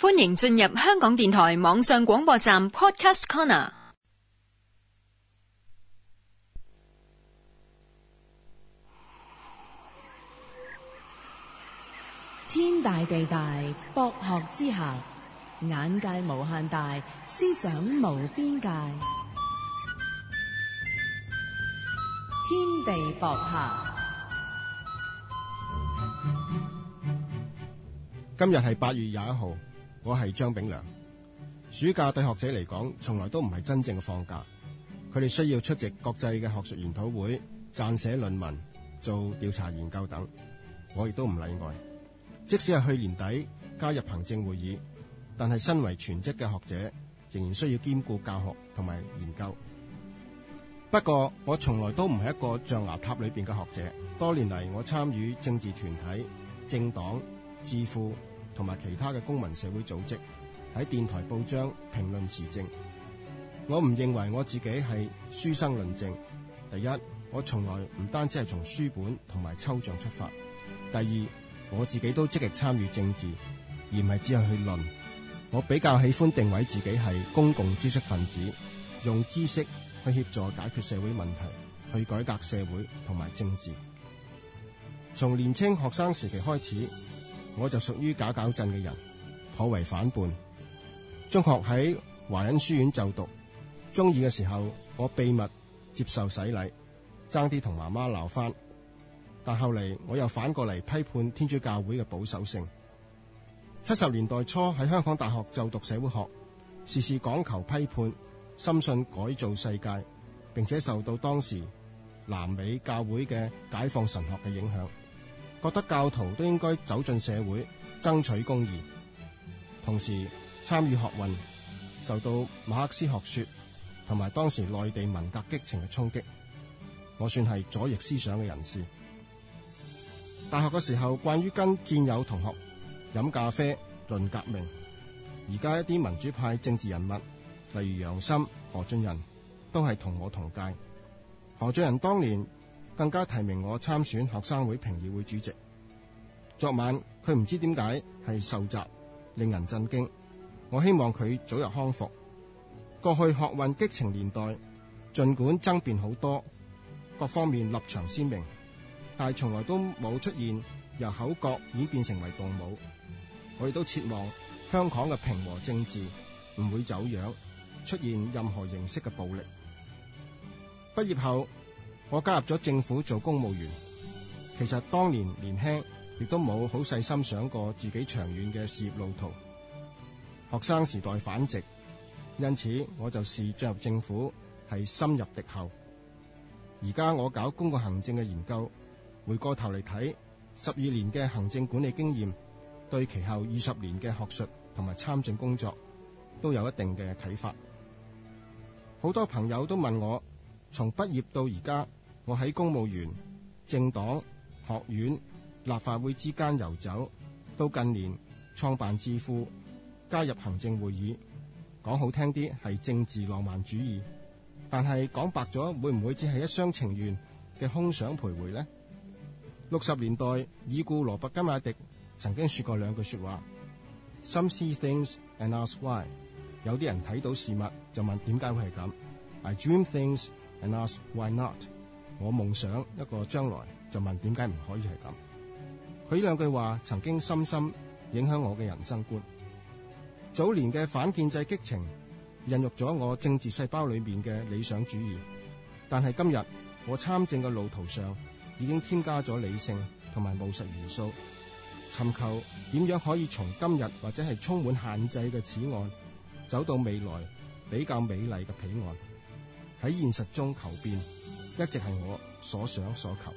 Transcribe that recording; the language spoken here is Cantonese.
歡迎進入香港電台網上廣播站 Podcast Corner。天大地大，博學之下，眼界無限大，思想無邊界。天地博客。今日係八月廿一號。我係張炳良。暑假對學者嚟講，從來都唔係真正嘅放假。佢哋需要出席國際嘅學術研討會、撰寫論文、做調查研究等。我亦都唔例外。即使係去年底加入行政會議，但係身為全職嘅學者，仍然需要兼顧教學同埋研究。不過，我從來都唔係一個象牙塔裏邊嘅學者。多年嚟，我參與政治團體、政黨、智庫。同埋其他嘅公民社會組織，喺電台報章評論時政，我唔認為我自己係書生論政。第一，我從來唔單止係從書本同埋抽象出發；第二，我自己都積極參與政治，而唔係只係去論。我比較喜歡定位自己係公共知識分子，用知識去協助解決社會問題，去改革社會同埋政治。從年青學生時期開始。我就屬於假搞震嘅人，頗為反叛。中學喺華仁書院就讀，中二嘅時候我秘密接受洗禮，爭啲同媽媽鬧翻。但後嚟我又反過嚟批判天主教會嘅保守性。七十年代初喺香港大學就讀社會學，時時講求批判，深信改造世界，並且受到當時南美教會嘅解放神學嘅影響。覺得教徒都應該走進社會，爭取公義，同時參與學運，受到馬克思學說同埋當時內地文革激情嘅衝擊。我算係左翼思想嘅人士。大學嘅時候，慣於跟戰友同學飲咖啡論革命，而家一啲民主派政治人物，例如楊森、何俊仁，都係同我同屆。何俊仁當年。更加提名我參選學生會評議會主席。昨晚佢唔知點解係受襲，令人震驚。我希望佢早日康復。過去學運激情年代，儘管爭辯好多，各方面立場鮮明，但係從來都冇出現由口角演變成為動武。我亦都切望香港嘅平和政治唔會走樣，出現任何形式嘅暴力。畢業後。我加入咗政府做公務員，其實當年年輕亦都冇好細心想過自己長遠嘅事業路途。學生時代反直，因此我就視進入政府係深入敵後。而家我搞公共行政嘅研究，回過頭嚟睇十二年嘅行政管理經驗，對其後二十年嘅學術同埋參政工作都有一定嘅啟發。好多朋友都問我，從畢業到而家。我喺公務員、政黨、學院、立法會之間遊走，到近年創辦智庫，加入行政會議，講好聽啲係政治浪漫主義，但係講白咗會唔會只係一廂情願嘅空想徘徊呢？六十年代已故羅伯金雅迪曾經說過兩句說話：Some see things and ask why，有啲人睇到事物就問點解會係咁；I dream things and ask why not。我夢想一個將來，就問點解唔可以係咁？佢兩句話曾經深深影響我嘅人生觀。早年嘅反建制激情孕育咗我政治細胞裏面嘅理想主義，但係今日我參政嘅路途上已經添加咗理性同埋務實元素，尋求點樣可以從今日或者係充滿限制嘅此岸走到未來比較美麗嘅彼岸。喺現實中求變。一直係我所想所求。